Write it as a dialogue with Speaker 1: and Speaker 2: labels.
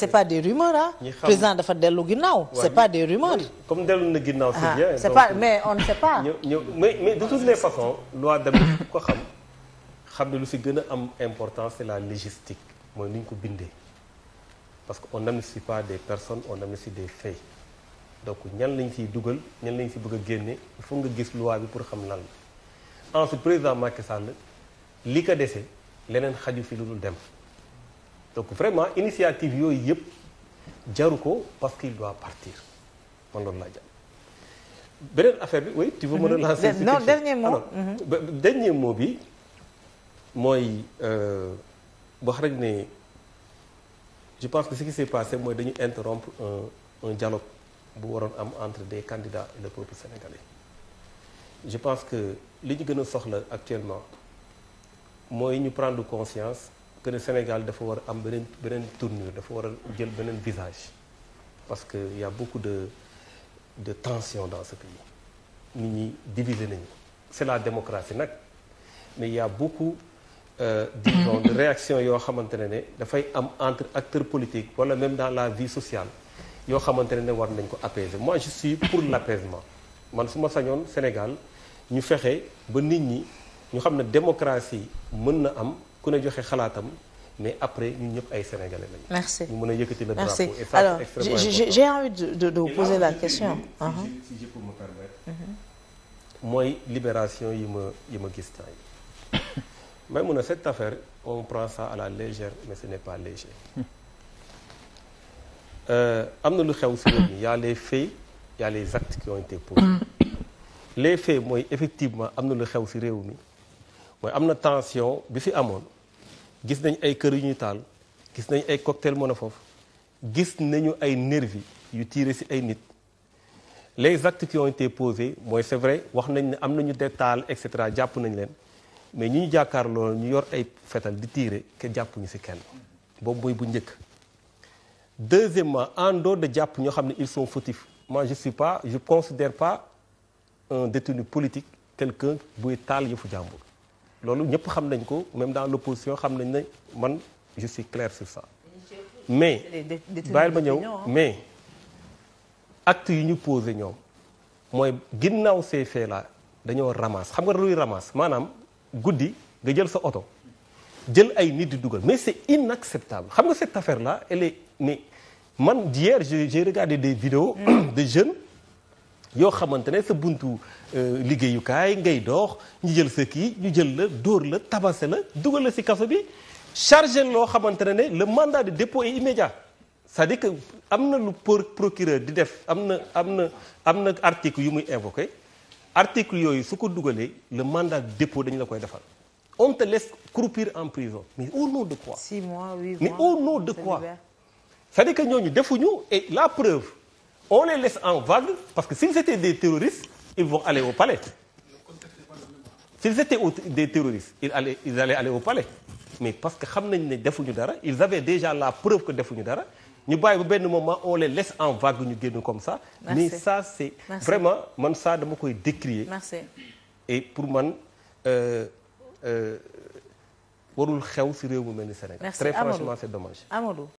Speaker 1: c' est pas des rumeurs ah. président dafa dellu ginnaaw. c' est pas des rumeurs. comme dellu na ginnaaw c'est ah, bien. c' pas mais on ne sait pas. mais mais de toutes les façons. loi Deme ko xam xam ne lu fi gën a am importance c' la légistique mooy ni ñu ko bindee parce que on n'amnistie pas des personnes on amnistie de faits donc ñan lañ fiy dugal ñan lañ fi bëgg a génne il nga gis loi bi pour xam lan la ensuite président Macky Sall li ko dese leneen xaju fi lu dul dem. donc vraiment initiative yooyu yëpp jaru ko parce qu'il doit partir man loolu laa jàpp beneen affaire bi oui tu veux me mhm. relancer non dernier mot alors mhm. dernier mot bi mooy euh, wax rek ne je pense que ce qui s'est passé mooy dañu interrompre un dialogue bu waroon am entre des candidats et le peuple je pense que li ñu gën a soxla actuellement mooy ñu prendre conscience que ne Sénégal dafa war a am beneen beneen tournure dafa war a jël beneen visage parce que y a de de tension dans ce pays nit ñi diviser nañu c'est la démocratie nag mais y a beaucoup euh, de réaction yoo xamante ne ne dafay am entre acteurs politique wala même dans la vie sociale yoo xamante ne ne war nañ ko apaiser moi je suis pour l'apaisement man su ma sañoon Sénégal ñu fexe ba nit ñi ñu xam ne démocratie mën na am ku ne joxe xalaatam mais après ñun ñëpp ay sénégalais lañu. merci mën a yëkkati le drapeau. et ça c'est extrêmement important alors ah ah. mm-hmm. mooy libération yi ma yi ma gis temps yi mais mun a cette affaire on prend ça à la légère mais ce n'est pas léger. Euh, am na lu xew si réew mi y a les faits y les actes qui ont été posés les faits mooy effectivement am na lu xew si réew mi. mooy am na tension bi fi amoon gis nañ ay kër yu ñu taal gis nañ ay cocktail mën a foofu gis nañu ay nervi yu tiire ci ay nit les actes qui ont été posés mooy c'est vrai wax nañ ne am nañu détaal et cetera jàpp nañ leen mais ñi ñu jàkkaar loolu ñu yor ay fetal di tiire ke jàppuñu ci kenn boobu mooy bu njëkk deuxièmement en doo de jàpp ñoo xam ne ils sont fautifs moi je suis pas je considère pas un détenu politique quelqu'un buy taal yëfu jàmbur loolu ñëpp xam nañ ko même dans l'opposition xam nañ ne man je suis clair sur ça mais bàyyil ma ñëw mais acte yu ñu posé ñoom mooy ginnaaw ces faits là dañoo ramasse xam nga luy ramasse maanaam guddi nga jël sa oto jël ay nit di dugal mais c'est inacceptable xam nga cette affaire là elle est mais man hier j'ai regardé des vidéos mm. de jeunes yoo xamante ne sa buntu euh, liggéeyukaay ngay doox ñu jël sa kii ñu jël la dóor la tabase la dugal la si kaso bi chargé loo xamante ne ne le mandat de dépôt est immédiat c'est-à-dire am na lu procureur di def am na am na am na article yu muy invoqué article yooyu su ko dugalee le mandat de dépôt dañu la koy defal on les laisse croupir en prison mais au nom de quoi six mois huit mois au nom de quoi cest à ñooñu defuñu et la preuve on les laisse en vague parce que s'ils étaient des terroristes, ils vont aller au palais. S'ils étaient des terroristes, ils allaient, ils allaient aller au palais. Mais parce que xam nañ ne defuñu dara, ils avaient déjà la preuve que defuñu dara. ñu bàyyi ba benn moment on les laisse en vague ñu génn comme ça. Merci. mais ça c' est Merci. vraiment man ça dama koy décrier. Merci. et pour man euh, euh, warul xew si réew mu mel ni Sénégal. très franchement c' est dommage.